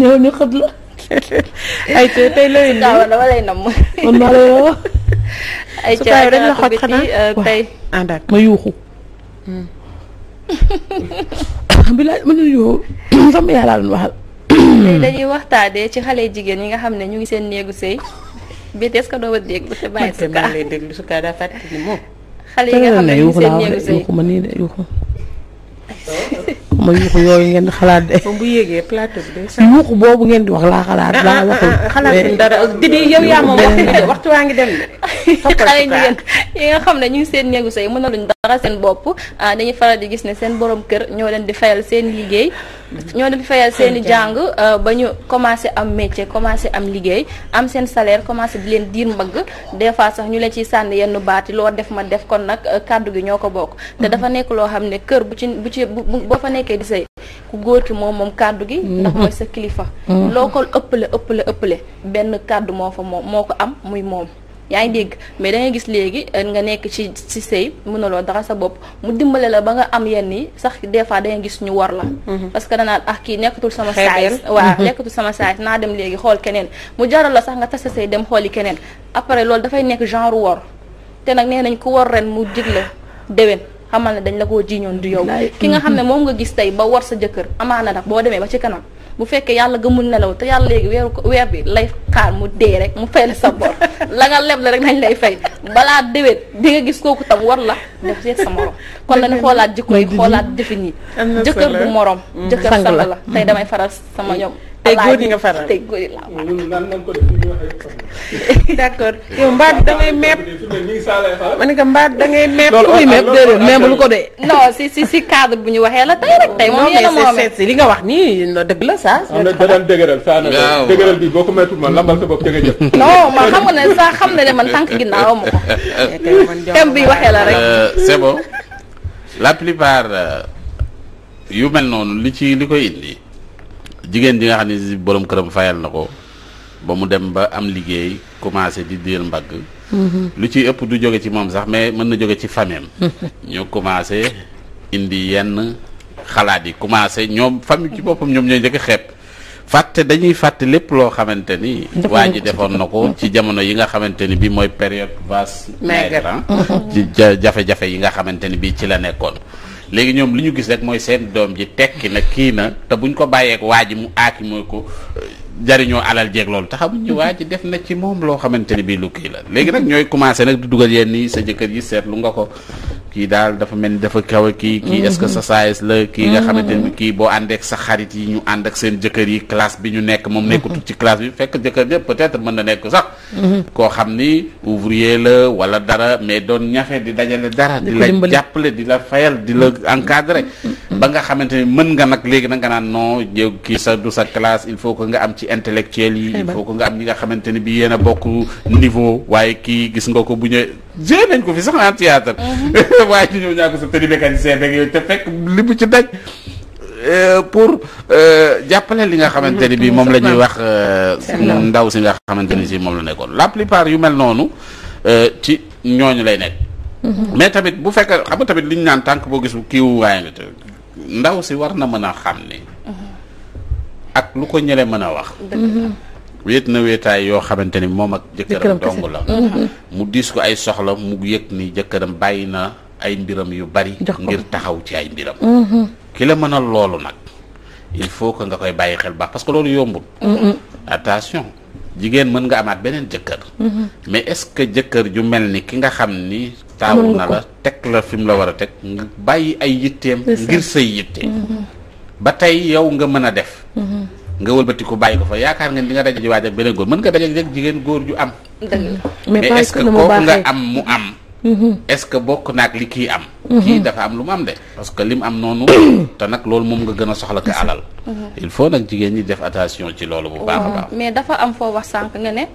ñëw ñu xët la. ayca tey looy euh, tey. ànd ak ma yuuxu. bilaay ma nuyu yow sama yàlla la ñu waxal. tey dañuy ci xale jigéen ñi nga xam ne ñu ngi seen néegu sëy bi est-ce que doo ma dégg te bàyyi sukaa man lay déglu sukaa daa moom. xale yi nga xam ne ñu ngi seen néegu sëy ma nii de yuuxu. waxuma yuuxu yooyu ngeen di xalaat de. bu yéegee plateau bi yuuxu boobu ngeen di wax laa xalaat laa ah, ah, waxul. Ah, xalaat dara eh. didi yow yaa moom waxtu waa ngi dem de. xale yi nga xam ne ñu ngi seen néegu sëy mën na luñ dara seen bopp ah, dañuy faral di gis ne seen borom kër ñoo leen di fayal seeni liggéey ñoo leen di fayal seen i jàng ah, ba ñu commencé am métier commencé am liggéey am seen salaire commencé di leen diir mbagg des fois sax ñu leen ci sànni yenn baati loo def ma def kon nag ah, kàddu gi ñoo ko bokk te mhm. dafa nekk loo xam ne kër bu ci bu ci boo fa nekkee di sëy ku góor ki moom moom kàddu gi ndax mhm. mooy sa kilifa mhm. loo ko ëppale ëppale ëpple benn kàddu moo fa moom moo ko am muy moom yaa ngi dégg mais da gis léegi euh, nga nekk ci ci sëy mënuloo dara sa bopp mu dimbale la ba nga am yenn yi sax des fois da gis ñu war la mhm. parce que danaan ah kii nekkatul sama size waaw mhm. nekkatul sama size naa dem léegi xool keneen mu jaral la sax nga tas sa sëy dem xooli keneen après loolu dafay nekk genre wor te nag nee nañ ku war ren mu jig la déwén xamal ne dañ la koo jiñoon di yow ki nga xam ne moom nga gis tey ba war sa jëkkër amaana nag boo demee ba ci kanam bu fekkee yàlla gëmul nelaw te yàlla léegi weeru ko weer bi lay xaar mu dee rek mu fay la sa bor la nga leb la rek nañ lay fay balaa déwét di nga gis kooku tam war la def seet sa morom kon la ne xoolaat jikko yi xoolaat jëfin yi jëkkër bu morom mm. jëkkër sang la tey damay faral sama mm. ñoom tey góor ñi nga faral tey góor ñi laa faral. d'accord yow mbaat da meeb. ma ne ko mbaat da ngay meeb. loolu am na meeb lu ko dee. non si si si cadre bu ñu waxee la tey rek tey moom yéen a moomee si li nga wax nii no dëgg la saa. am na beneen dëgëral saa na dëgëral bi boo ko moytuwul ma lambal sa bopp dëgg jëf. ma xam ne saa xam ne de man tànk ginnaaw ma ko. thème bi waxee la rek. c'est la plupart yu mel noonu li ci li koy indi. jigéen ji nga xam ne si borom këram fayal na ko ba mu dem ba am liggéey commencé di diir mbagg. Mhm. lu ciy ëpp du jóge ci moom sax mais mën na jóge ci fameem ñu commencé indi yenn xalaat yi commencé ñoom famille ci boppam ñoom ñooy njëkk xeeb fàtte dañuy fàtte lépp loo xamante ni. waa ji defoon na ko ci jamono yi nga xamante ni bii mooy période vache maigre ah. ci jafe-jafe yi nga xamante ni bii ci la nekkoon. léegi ñoom li ñu gis rek mooy seen doom ji tekki na kii na te buñ ko bàyyeek waa ji mu aaki mooy ko euh, jariñoo alal jeeg loolu te xamuñu waa ji def na ci moom loo xamante ni bii lu kii la léegi nag ñooy commencé nag di dugal yenn yi sa jëkkër ji seetlu nga ko kii daal dafa mel ni dafa kaw kii kii est-ce que mhm. sa saayes la kii nga mhm. xamante ni kii boo ànd ak sa xarit yi ñu ànd ak seen jëkkër yi classe bi ñu nekk moom nekkutul ci classe bi fekk jëkkër ñëpp peut-être mën na nekk sax mhm. koo xam ni ouvrier la wala dara mais doon ñafe di dajale dara di la jàppale di la fayal di la encadrer ba nga xamante ne mën nga nag léegi nag nga naan non yow kii sa du sa classe il faut que nga am ci intellectuel yi il faut que nga am ñi nga xamante ne bi yéen a bokk niveau waaye kii gis nga ko bu ñëwee jee nañ ko fi sax en théâtre mhm. waaye ñu ñëw ñaa ko sa tëri te li bu ci daj euh, pour euh, jàppale li nga xamante ni bi moom la ñuy wax euh, ndaw si nga xamante ni si moom la nekkoon la plupart yu mel noonu ci ñooñu lay nekk mhm. mais tamit bu fekkee xam nga tamit li ñu naan tànk boo gis kiiwu waaye nga te ndaw si war na mën a xam ne ak lu ko ñële mën a wax wéet na wéetaay yoo xamante ni moom ak jëkkëram dong la mm-hmm. mu diis ko ay soxla mu yëg ni jëkkëram bàyyi na ay mbiram yu bari ngir taxaw ci ay mbiram mm-hmm. ki la mën a loolu nag il faut que nga koy bàyyi xel baax parce que loolu yombul mm-hmm. attention jigéen mën nga amaat beneen jëkkër mais est jëkkër ju mel ni ki nga xam ni taawu na la teg la fi mu la war a teg nga bàyyi ay yitteem ngir say yitte mm-hmm. ba tey yow nga mën a def mm-hmm. nga wëlbati ko bàyyi ko fa yaakaar nga li nga daje waaj ak beneen góor mën nga daje rek jigéen góor ju am mm-hmm. mais est-ce que kooku nga am mu am est-ce que bokk naag li kii am kii dafa am lu mu am de parce que li mu am noonu te nag loolu moom nga gën a soxla ko alal il faut nag jigéen ñi def attention ci loolu bu baax a baax mais dafa am foo wax sànq nga ne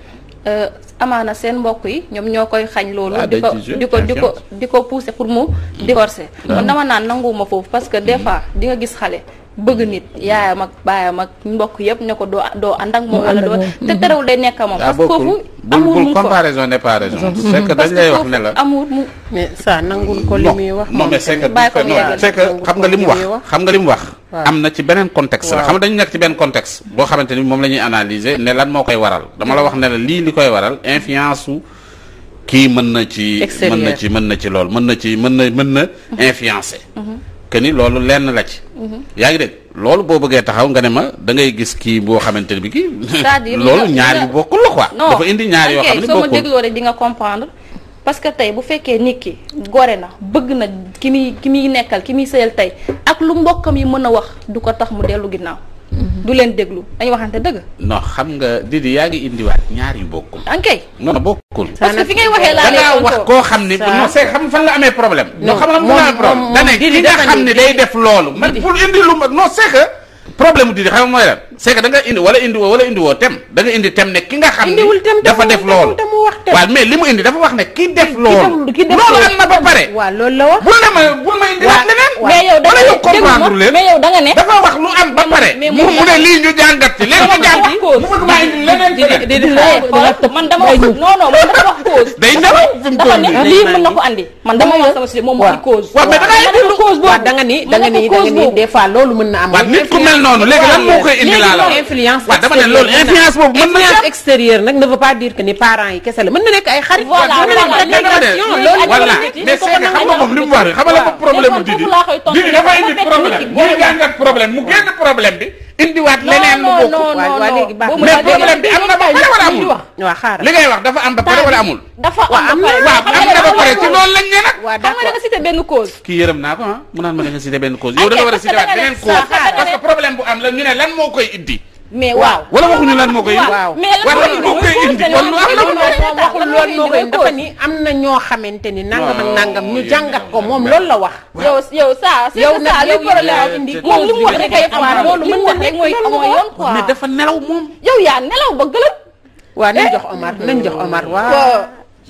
Euh, amaana seen mbokk yi ñoom ñoo koy xañ loolu ah, di ko di ko di ko di ko pousser pour mu mm. divorcer ah. na dama naan nanguwuma foofu parce que des mm. fois di nga gis xale bëgg nit yaayam ak baayam ak mbokk yëpp ne ko doo doo ànd ak moom wala doo te terewul day nekk moom ah, parce que foofu amour mu comparaison n'est pas raison wax ne la amour mu mais ça nangul ko li wax non mais c'est que xam nga li mu wax xam nga li mu wax am na ci beneen contexte la xam nga dañu nekk ci benn contexte boo xamante ni moom la ñuy analyser ne lan moo koy waral dama la wax ne lii li koy waral influence su kii mën na ci mën na ci mën na ci lool mën na ci mën na mën na mhm. influencer mhm. que ni loolu lenn la ci. yaa ngi dégg loolu boo bëggee taxaw nga ne ma da ngay gis kii boo xamante ne bi kii. loolu ñaar yu bokkul la quoi. dafa indi ñaari yoo xam ne bokkul soo ma dégloo nga comprendre. parce que tey bu fekkee nit ki gore na bëgg na ki muy ki muy nekkal ki muy sëyal tey ak lu mbokkam yi mën a wax du ko tax mu dellu ginnaaw. du leen déglu dañu waxante dëgg. non xam nga Didi yaa ngi indiwaat ñaar yu bokkul. ankay ah, non bokkul. parce que fi ngay waxee laa lay wax koo xam ne. non c'est xam fan la amee problème. non xam nga moom moom moom Didi nga xam ne day def loolu. man pour indi lu ma non c'est problème mu Didi xam nga mooy c'est que da nga indi wala indi woo wala tem da nga indi tem ne ki nga xam ne dafa def loolu waaw mais li mu indi dafa wax ne ki def loolu loolu na ba pare waaw la wax bu la ma bu ma indi wax leneen mais yow da nga ne dafa wax lu am ba pare mu mu ne lii ñu jàngat ci léegi ñu jàngat mu bëgg maa indi leneen man dama wax non non man dafa wax cause day da nga indi cause boobu da nga ni da nga ni da loolu mën na am waaw nit ku mel noonu léegi lan moo indi laa la influence waaw dama ne loolu boobu mën na influence extérieure nag ne pas dire que ni parents yi kese la mën na nekk ay xarit voilà voilà mais xam nga moom li mu wax xam nga la problème bu Didi Didi dafa indi problème mu jàngat problème mu génn problème bi indiwaat leneen lu bokk mais problème bi am na ba pare wala li ngay wax dafa am ba pare wala amul dafa am ba pare ci loolu lañ ne nag xam nga da nga cité benn cause kii yërëm naa ko ah mu naan ma da nga cité benn cause yow da nga war a que bu am la ñu ne lan moo koy mais waaw wala waxuñu lan moo waaw lan moo koy indi kon lu am am na ñoo xamante ni nangam ak nangam ñu jàngat ko moom loolu la wax. yow saa c'est ça le problème indi moom lu mu wax rek ay am loolu mën na rek mooy amoo yoon quoi mais nelaw moom. yow yaa nelaw nañ eh? jox Omar nañ jox Omar waaw.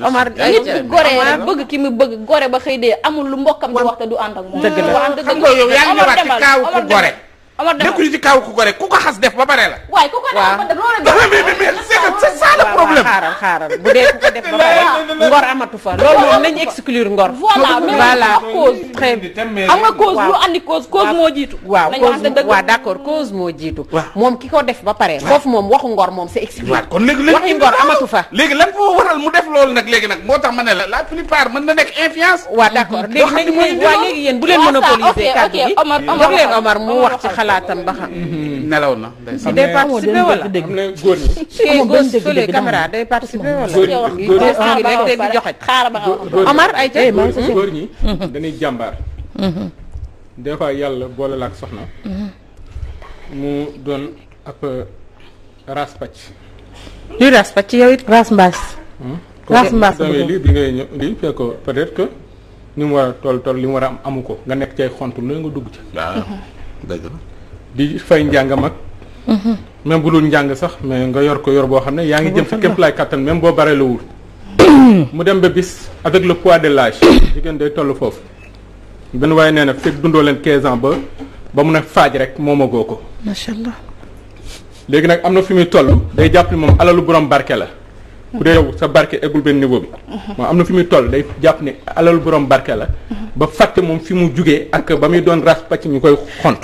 Omar nit bu goree rek bëgg ki mu bëgg gore ba xëy dee amul lu mbokkam di wax te du ànd ak moom. dëgg la xam nga yow yaa ngi wax ci kaaw ku gore Omar dafa nekkuñu ci kaw ku ko rek ku ko xas def ba pare la. waaye ku ko def ba pare loolu. dafa mel ni mel c'est ça le problème. xaaral ngor amatu fa. loolu moom nañu exclure ngor. voilà mais cause. très bien lu andi cause moo jiitu. waaw cause waaw d'accord cause moo jiitu. moom ki ko def ba pare. foofu moom waxu ngor moom c'est exclure. kon léegi léegi waxi ngor amatu fa. léegi lan moo waral mu def loolu nag léegi nag moo tax ma ne la la plupart mën na nekk influence. waaw d'accord léegi nag mooy waaw léegi yéen bu leen monopoliser kàddu gi xalaatam ba xam. Mhm. nelaw na. day participer wala am na góor ñi. kii góor fële caméra day participer wala. góor ñi góor ñi rek day di joxe. xaaral ba nga Omar ay ca eh, mhm. góor ñi mhm. dañuy jàmbaar. des fois yàlla boole la ak soxna. mu doon ab euh, raspac. luy raspac yow it ras mbaas. Hmm? ras mbaas lii bi ngay ñëw lii fekk ko peut-être que. ni mu war a toll toll li mu war a am amu ko nga nekk cay xontu lu nga dugg ci. waaw ah, dëgg la. di fay njàngam mag mm-hmm. même bu dul njàng sax mais nga yor ko yor boo xam ne yaa ngi jëm sa képp laay kattan même boo baree mm-hmm. mu dem ba bis avec le poids de l'âge jigéen day toll foofu benn waaye nee na fekk dundoo leen 15 ans ba ba mu a faaj rek moomagoo ko. macha allah. léegi nag am na fi muy toll day jàpp ni moom alalu borom barke la. bu dee yow sa barke eggul benn niveau bi moom am na fi muy toll day jàpp ne alalu borom barke la mhm. ba fàtte moom fi mu jugee ak ba muy doon ras pàcc ñu koy xont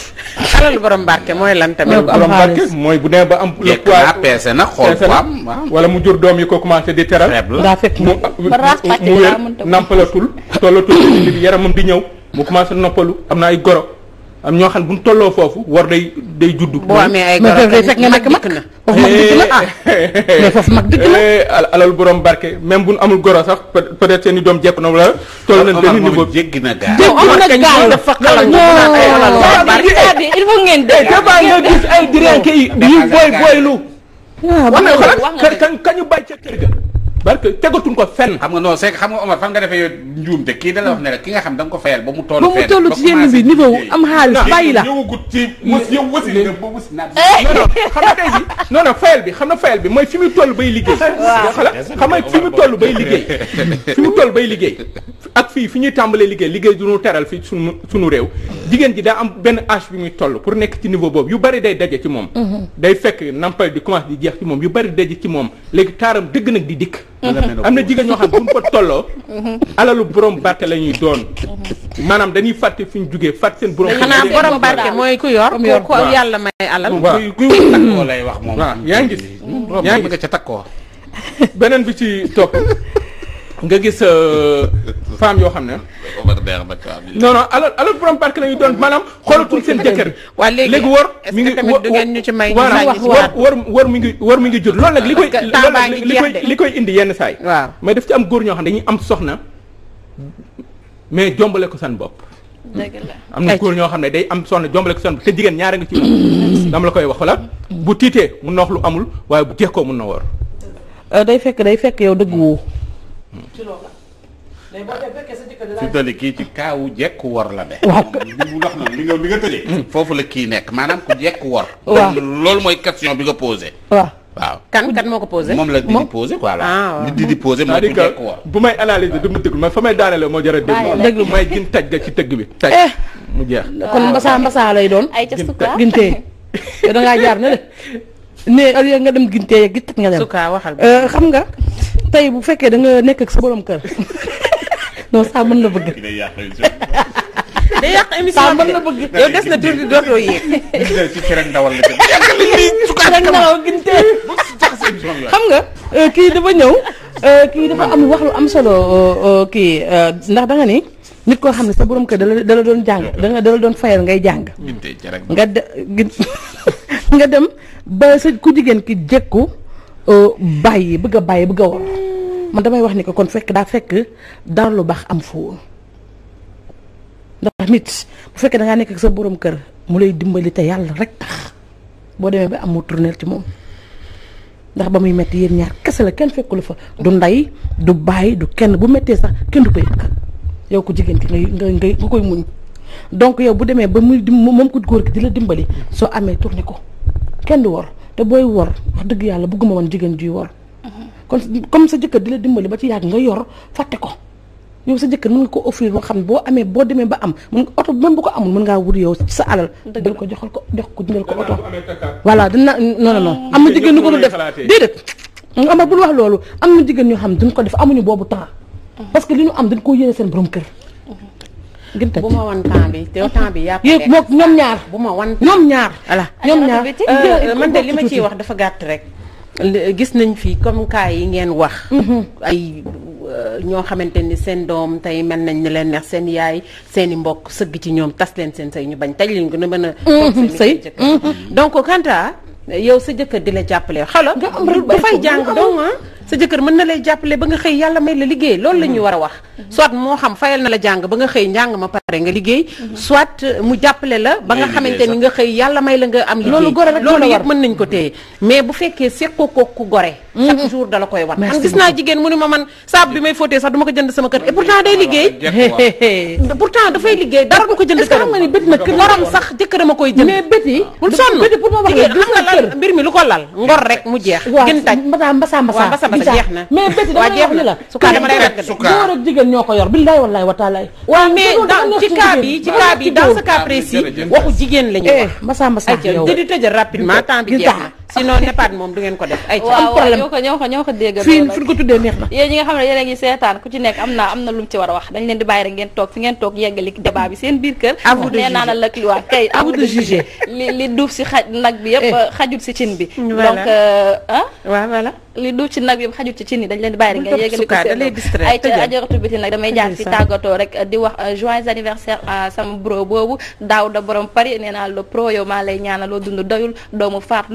alalu borom barke mooy lan tamit borom barke mooy bu dee ba am le poids peese na xool poids wala mu jur doom yi ko commencé di teral mu wér nampalatul tollatul bi moom di ñëw mu commencé noppalu am na ay goro am ñoo xam bu ñu tolloo foofu war day day juddu boo amee ay garab mais fekk nga nekk mag mag foofu mag dëgg la. alal borom barke même bu nu amul goro sax peut être seen i doom jekku na wala. toll nañ benn niveau jéggi na gaal. jéggi na gaal dafa xalaat ñu naan ay alal borom barke il faut ngeen dégg. dafa nga gis ay direen yi yu booy booylu. waaw wax nga kër ga. parce que tegatuñ ko fenn. xam nga non c'est xam nga Omar fan ki nga xam da nga ko fayal ba mu toll. ba mu toll ci yenn bi niveau am xaalis bàyyi la ñëwagut ci mos yow wasi nga ba wasi naa. xam nga tey jii xam na fi mu toll bay liggéey. waaw xala xam nga fi mu toll bay liggéey fi mu toll bay ak fii fi ñuy tàmbalee liggéey liggéey du ñu teral fii sunu sunu réew. jigéen ji daa am benn âge bi muy toll pour nekk ci nivo boobu yu bari day daje ci moom. Mhm. day fekk nampal di commencé di jeex ci moom yu bari daje ci moom léegi taaram dëgg nag di dikk Mhm. am na jigéen ñoo xam bu ñu ko tolloo. Mhm. alalu borom barke la ñuy doon. Mhm. maanaam dañuy fàtte fi ñu jugee fàtte seen borom. xanaa borom barke mooy ku yor. ku yor waaw yàlla may alal. waaw kuy kuy takkoo lay wax moom. yaa ngi gis. yaa ngi ca takkoo. beneen bi ci topp nga gis. Euh, femmes yoo xam ne. non non alors alors borom barke la ñuy doon maanaam xoolatuñ seen jëkkër. waa léegi wor mi ngi tamit wor wor mi ngi wor mi ngi jur loolu nag. li koy li koy li koy indi yenn saay waaw mais daf ci am góor ñoo xam ne dañuy am soxna mais jombale ko seen bopp. dëgg la am na góor ñoo xam ne day am soxna jombale ko seen bopp te jigéen ñaare nga ci. dama la koy wax la bu tiitee mu na lu amul waaye bu jekkoo mun na wor euh, day fekk day fekk yow dëgg fi dali kii ci kaawu jekk wor la ne waaw li mu wax na li nga li hmm, foofu la kii nekk maanaam ku jekk wor waaw loolu mooy question bi nga posé waaw waaw kan kan moo ko posé moom la di posé quoi la di di posé moo bu may analyser du mu déglu man fa may daanele moo jara déglu taj ga ci tëgg bi eh. taj mu jeex kon mbasaa mbasaa lay doon ay ca suka gintee yow dangaa jaar na ne au lieu dem gintee yeg gi nga dem suka waxal euh, xam nga tey bu fekkee da nga nekk ak sa borom kër non saa mën la bëgg. day yàq émission saa mën la bëgg. yow des na tur bi dootoo yéeg. ci cërën ndawal la xam nga kii dafa ñëw kii dafa am wax lu am solo kii ndax danga ni. nit koo xam ne sa boroom kër dala dala doon jàng dala doon fayal ngay jàng. nga de nga dem ba sa ku jigéen ki jékku bàyyi bëgg a bàyyi bëgg war. man damay wax ni ko kon fekk daa fekk dara lu baax am foo ndax nit bu fekkee da ngaa nekk ak sa borom kër mu lay dimbali te yàlla rek tax boo demee ba am mu tournel ci moom ndax ba muy metti yéen ñaar kese la kenn fekkul fa du ndey du bàyyi du kenn bu mettee sax kenn du ko yëg yow ko jigéen koy muñ donc yow bu demee ba muy dim moom ko góor ki di la dimbali soo amee tourné ko kenn du wor te booy wor wax dëgg yàlla bëgguma woon jigéen juy wor kon comme sa jëkkër di la dimbali ba ci yàgg nga yor fàtte ko yow sa jëkkër mën nga ko offrir loo xam ne boo amee boo demee ba am mën nga oto même bu ko amul mën ngaa wut yow sa alal dal ko joxal ko jox ko jëndal ko oto voilà dina non non non ah. am na jigéen ñu def déedéet ama bul wax loolu am nu jigéen ñoo xam duñ ko def amuñu boobu temps ah. parce que li ñu am dañ ko yéene seen borom kër gën bu ma wan temps bi te ah. temps bi yaa ko moom ñoom ñaar bu ma wan ñoom ñaar voilà ñoom ñaar euh, man de li ma wax dafa gàtt rek gis nañ fii comme cas yi ngeen wax. Mhm. ay euh, ñoo xamante ni seen doom tey mel nañ leen neex seen yaay seeni mbokk sëgg ci ñoom tas leen seen sëy ñu bañ taj leen gën a mën a. Mhm, sëy mhm. donc Kanta yow sa jëkkër di la jàppale xala. dafay jàng dong ah. sa jëkkër mën na lay jàppale ba nga xëy yàlla may la liggéey loolu la ñuy mm-hmm. war a wax mm-hmm. soit moo xam fayal na la jàng ba nga xëy njàng ma pare nga liggéey mm-hmm. soit euh, mu jàppale la ba nga xamante ni nga xëy yàlla may la nga am liggéey loolu yëpp mën nañ ko téye mais bu fekkee seq ko ku gore chaque jour dala koy naa jigéen mu ne ma man saabu bi may fóotee sax du ma ko jënd sama kër et pourtant day liggéey pourtant dafay liggéey dara du ko jënd këram ma ni bët na kër a koy jënd mais bët yi mbir mi lu ko lal ngor rek mu jeex gën taj mbasa mbasa mbasa déjà mais béti dama lay wax ni la góor ak jigéen ñoo ko yor billaay wallaay wa taala waaw mais ci cas bi ci cas bi dans ce waxu jigéen la eh, ñu wax mbasa mbasa yow di tëjal sinon nepaat moom du ngeen ko def. ay am problème waaw ñoo ko ñoo ko déggal. fii fi ñu ko tuddee neex na. yéen ñi nga xam ne yéen a ngi seetaan ku ci nekk am naa am na lu ci war a wax dañ leen di bàyyi rek ngeen toog fi ngeen toog yeggali débat bi seen biir kër. li duuf si xaj nag bi yëpp eh. xajul si cin bi. donc euh, ah. waaw voilà. li duuf ci nag yëpp xajul ci cin yi dañ leen di bàyyi rek ngeen yeggali ko seen ay ca ajaratu biti nag damay jaar si tàggatoo euh, da borom Paris nee naa la pro yow maa lay ñaanal loo dund doyul doomu faat